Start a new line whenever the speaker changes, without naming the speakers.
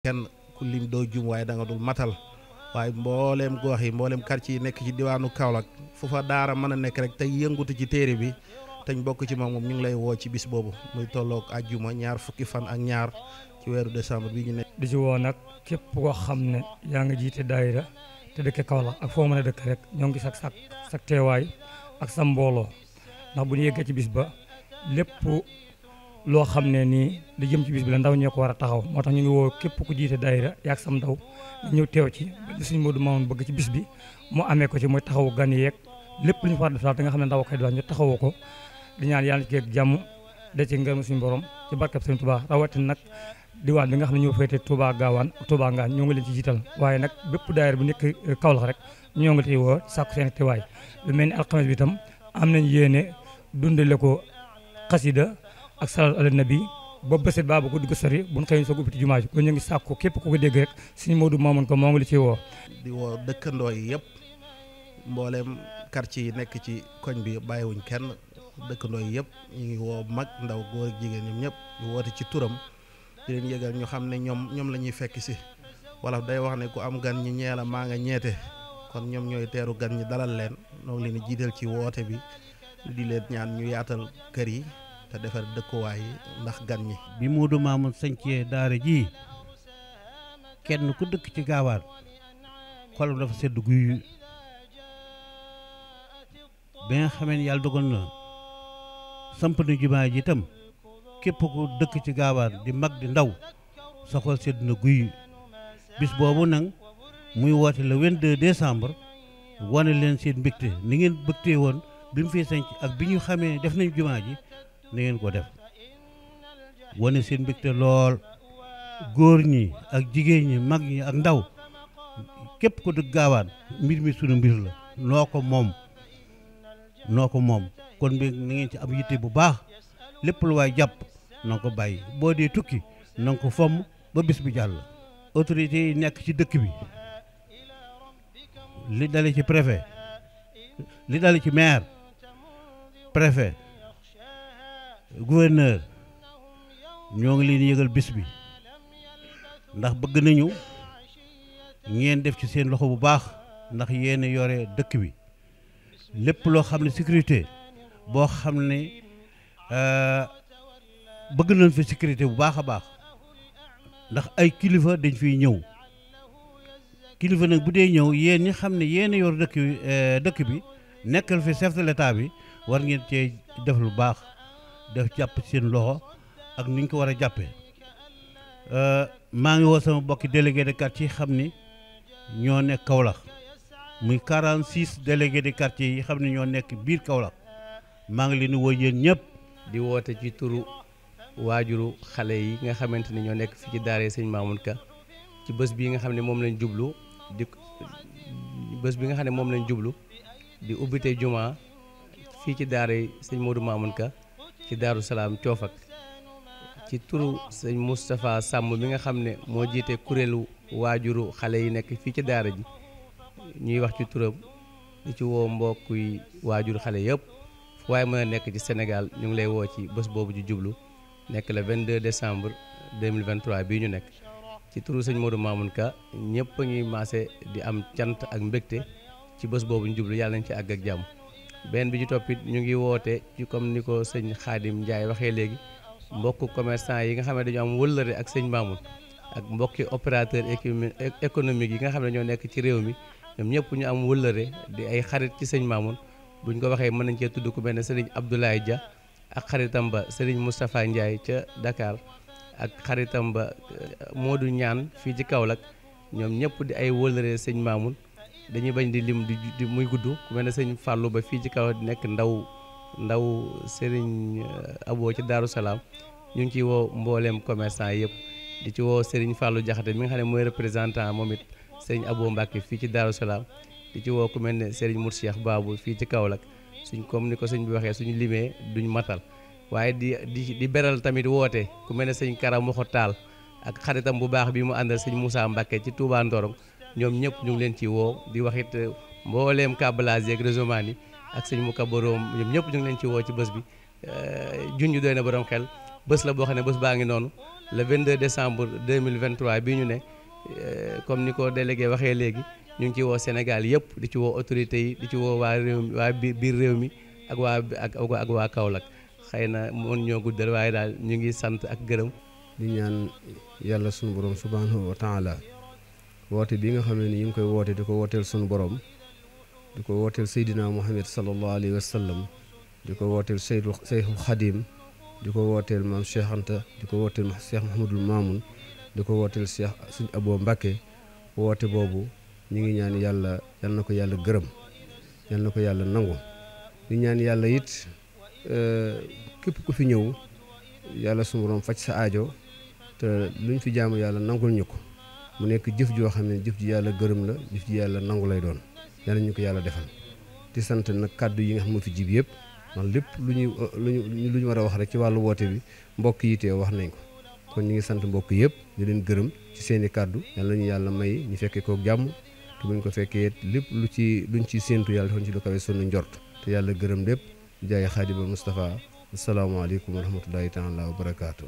kenn
ku lim doo jum waaye da nga dul matal waaye mbooleem gox yi mbooleem quartier yi nekk ci diwaanu Kaolack fu fa daara mën a nekk rek te yëngutu ci téere bi teñ bokk ci moom moom ñu ngi lay woo ci bis
boobu muy tolloog àjjuma ñaar fukki fan ak ñaar ci weeru décembre bi ñu nekk. di ci woo nag képp koo xam ne yaa ngi jiite daayira te dëkk Kaolack ak foo mën a dëkk rek ñoo ngi sak sak sak teewaay ak sa mbooloo ndax bu ñu yeggee ci bis ba lépp loo xam ne nii di jëm ci bis bi la ndaw ñee ko war a taxaw moo tax ñu ngi woo képp ku jiite daayira yaag sam ndaw ñëw teew ci suñu Modou Mamoune bëgg ci bis bi mu amee ko ci mooy taxawu gan yeeg lépp lu ñu fa def daal te nga xam ne ndaw koy daal ñu ko di ñaan yàlla jàmm da ci ngërëm suñu borom ci barkab Sëriñ Touba rawatin nag diwaan bi xam ne ñoo féete Touba Gaawaan Touba ñoo ngi leen ci waaye nag bépp daayira bu nekk eh, Kaolack rek ñoo ngi tey woo sàkku seen teewaay lu mel ni alxames bi itam am nañ yéene dundale ko xasida ak salal ala nabi boobu baset baa ba guddi ko sori bu ñu xëy soog ubbi jumaa ji kon ñu ngi sàkku képp ku ko dégg rek suñu Moodu Maamun ko moo ngi li ciy woo
di woo dëkkandoo yi yëpp mbooleem quartier yi nekk ci koñ bi bàyyiwuñ kenn dëkkandoo yi yëpp ñu ngi woo mag ndaw góor ak jigéen ñoom ñëpp ñu woote ci turam di leen yëgal ñu xam ne ñoom ñoom la ñuy fekk si wala day wax ne ku am gan ñi ñeela maa nga ñeete kon ñoom ñooy teeru gan ñi dalal leen noo ngi leen jiital ci woote bi di leen ñaan ñu yaatal kër yi te defar
dëkkuwaay ndax gan mi bi Moodu Maamun sañcee daara ji kenn ku dëkk ci gaawaan xolam dafa sedd guy ba nga xamee yàlla dogal na samp na jumaa ji itam képp ku dëkk ci gaawaan di mag di ndaw sa sedd na guy bis boobu nag muy woote le 22 décembre wane leen seen mbégte ni ngeen bëgtee woon bi mu fiy sanc ak bi ñu xamee def nañu jumaa ji na ngeen ko def wane seen mbégte lool góor ñi ak jigéen ñi mag ñi ak ndaw képp ko dëgg gaawaan mbir mi sunu mbir la noo ko moom noo ko moom kon bi na ci am yitte bu baax lépp lu waay jàpp na ko bàyyi boo dee tukki na nga ko fomm ba bis bi jàll autorités yi nekk ci dëkk bi li dale ci préfet li dale ci maire préfet gouverneur ñoo ngi leen yëgal bis bi ndax bëgg nañu ngeen def ci seen loxo bu baax ndax yéen yore dëkk bi lépp loo xam ne sécurité boo xam ne euh, bëgg nañ fi sécurité bu baax a baax ndax ay kilifa dañ fiy ñëw kilifa nag bu dee ñëw yeen ñi xam ne yéen yor dëkk euh, dëkk bi nekkal fi chef de l'état bi war ngeen cee def lu baax def jàpp seen loxo ak ni ñu ko war a jàppee euh, maa ngi woo sama bokki délégué de quartier yi xam ni ñoo nekk Kaolack muy 46 délégué de quartier yi xam ne ñoo nekk biir Kaolack maa ngi leen di woo yéen ñëpp. di woote ci
turu waajuru xale yi nga xamante ni ñoo nekk fi ci daaree sëñ Mamoun Ka ci bés bii nga xam ne moom lañ jublu di bés bi nga xam ne moom lañ jublu di ubbite juma fii ci daaree sëñ Modou Mamoun Ka. ci Daaru Salaam Coofak ci turu sëñ Moustapha Sàmm mi nga xam ne moo jiite kuréelu waajuru xale yi nekk fii ci daara ji ñuy wax ci turam di ci woo mbokk waajur xale yëpp fu waaye mën a nekk ci senegal ñu ngi lay woo ci bés boobu ju jublu nekk le 22 décembre 2023 bii ñu nekk ci turu sëñ Modou Mamoun Ka ñëpp a ngi maase di am cant ak mbégte ci bés boobu ñu jublu yàlla nañ ci àgg ak jàmm benn bi ñu toppit ñu ngi woote ci comme ni ko sëñ Xaadim Ndiaye waxee léegi mbokk commerçant yi nga xam ne dañu am wëllëre ak sëñ Mamoun ak mbokki opérateur économique yi nga xam ne ñoo nekk ci réew mi ñoom ñëpp ñu am wëllëre di ay xarit ci sëñ Mamoun buñ ko waxee mën nañ cee tudd ku mel ne sëriñ Abdoulaye ja ak xaritam ba sëriñ Moustapha Ndiaye ca Dakar ak xaritam ba du Ñaan fii ci kaw Kaolack ñoom ñëpp di ay wëllëre sëñ Mamoun dañuy bañ di lim di muy gudd ku mel ne sëñ fàllu ba fii ci kaw nekk ndaw ndaw Serigne euh, aboo ci Daaru Salaam ñu ngi ciy woo mbooleem commerçant yëpp di ci woo Serigne fàllu Diakhaté mi nga xam ne mooy représentant moom it Serigne Abo Mbacke fii ci Daaru Salaam di ci woo ku mel ne Serigne Mour Cheikh Babou fii ci Kaolack suñ comme ni ko sëñ bi waxee suñu limee duñ matal waaye di di di beral tamit woote ku mel ne sëñ Kara Moxo Taal ak xaritam bu baax bi mu àndal sëñ Moussa Mbacke ci Touba ñoom ñëpp ñu ngi leen ci woo di wax it euh, mbooleem kabbalaas yeeg réseau yi ak sëñ mu kabaroom ñoom ñëpp ñu ngi leen ci woo ci bës bi euh, junj doy na borom xel bés la boo xam ne bës baa ngi noonu le 22 décembre 2023 bii ñu ne euh, comme ni ko délégué waxee léegi ñu ngi ci woo Sénégal yëpp di ci woo autorités yi di ci woo waa réew mi waa biir réew mi ak waa ak ak waa Kaolack xëy na moom ñoo guddal
waaye daal ñu ngi sant ak gërëm. di ñaan yàlla suñu borom subhanahu wa taala woote bi nga xam ne ñu ngi koy woote di ko wooteel suñu borom di ko wooteel Seydina Muhammad sallallahu alayhi wa sallam di ko wooteel Seydou Seyxul Xadim di ko wooteel maam Cheikh Anta di ko wooteel Cheikh Mouhamadul Mamoun di ko wooteel Cheikh suñ Abo Mbacke woote boobu ñu ngi ñaan yàlla yal na ko yàlla gërëm yal na ko yàlla nangu ñu ñaan yàlla it euh, képp ku fi ñëw yàlla sunu borom faj sa aajo te luñ fi jaamu yàlla nangul ñu ko. mu nekk jëf joo xam ne jëf ji yàlla gërëm la jëf ji yàlla nangu lay doon yàlla ñu ko yàlla defal di sant nag kàddu yi nga xam ne fi jib yëpp man lépp lu ñu lu ñu war a wax rek ci wàllu woote bi mbokk yi teew wax nañ ko kon ñu ngi sant mbokk yëpp di leen gërëm ci seeni kàddu yàlla ñu yàlla may ñu fekkee ko jàmm te buñ ko fekkee lépp lu ci luñ ci séentu yàlla defoon ci lu kawe sunu njort te yàlla gërëm lépp jaay xaadiba Moustapha asalaamaaleykum wa rahmatullahi taala wa barakaatu